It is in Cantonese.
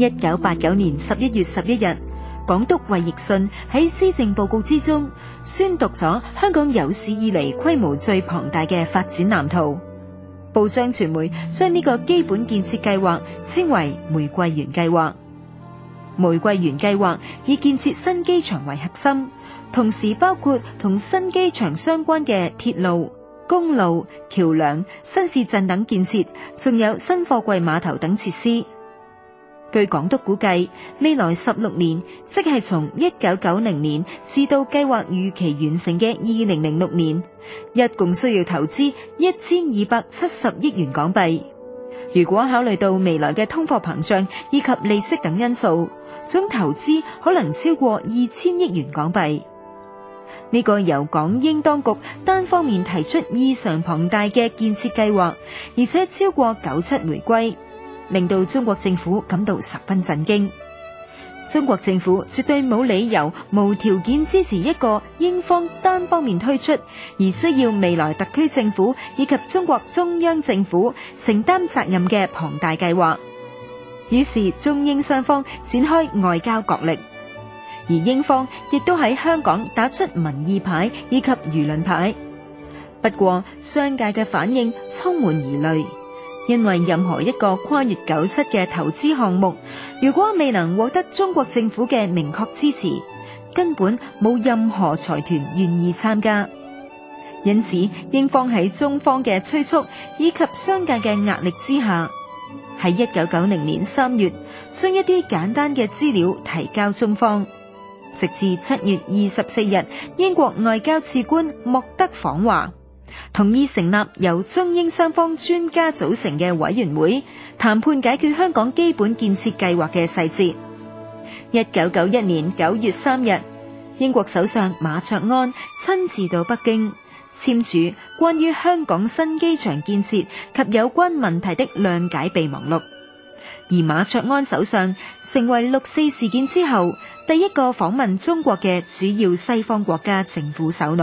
一九八九年十一月十一日，港督衛奕信喺施政報告之中宣讀咗香港有史以嚟規模最龐大嘅發展藍圖。報章傳媒將呢個基本建設計劃稱為“玫瑰園計劃”。玫瑰園計劃以建設新機場為核心，同時包括同新機場相關嘅鐵路、公路、橋梁、新市鎮等建設，仲有新貨櫃碼頭等設施。據港督估計，未來十六年，即係從一九九零年至到計劃預期完成嘅二零零六年，一共需要投資一千二百七十億元港幣。如果考慮到未來嘅通貨膨脹以及利息等因素，總投資可能超過二千億元港幣。呢個由港英當局單方面提出異常龐大嘅建設計劃，而且超過九七回歸。令到中國政府感到十分震驚。中國政府絕對冇理由無條件支持一個英方單方面推出，而需要未來特區政府以及中國中央政府承擔責任嘅龐大計劃。於是中英雙方展開外交角力，而英方亦都喺香港打出民意牌以及輿論牌。不過，商界嘅反應充滿疑慮。因為任何一個跨越九七嘅投資項目，如果未能獲得中國政府嘅明確支持，根本冇任何財團願意參加。因此，英方喺中方嘅催促以及商界嘅壓力之下，喺一九九零年三月，將一啲簡單嘅資料提交中方，直至七月二十四日，英國外交次官莫德訪華。同意成立由中英三方專家組成嘅委員會，談判解決香港基本建設計劃嘅細節。一九九一年九月三日，英國首相馬卓安親自到北京簽署關於香港新機場建設及有關問題的諒解備忘錄，而馬卓安首相成為六四事件之後第一個訪問中國嘅主要西方國家政府首腦。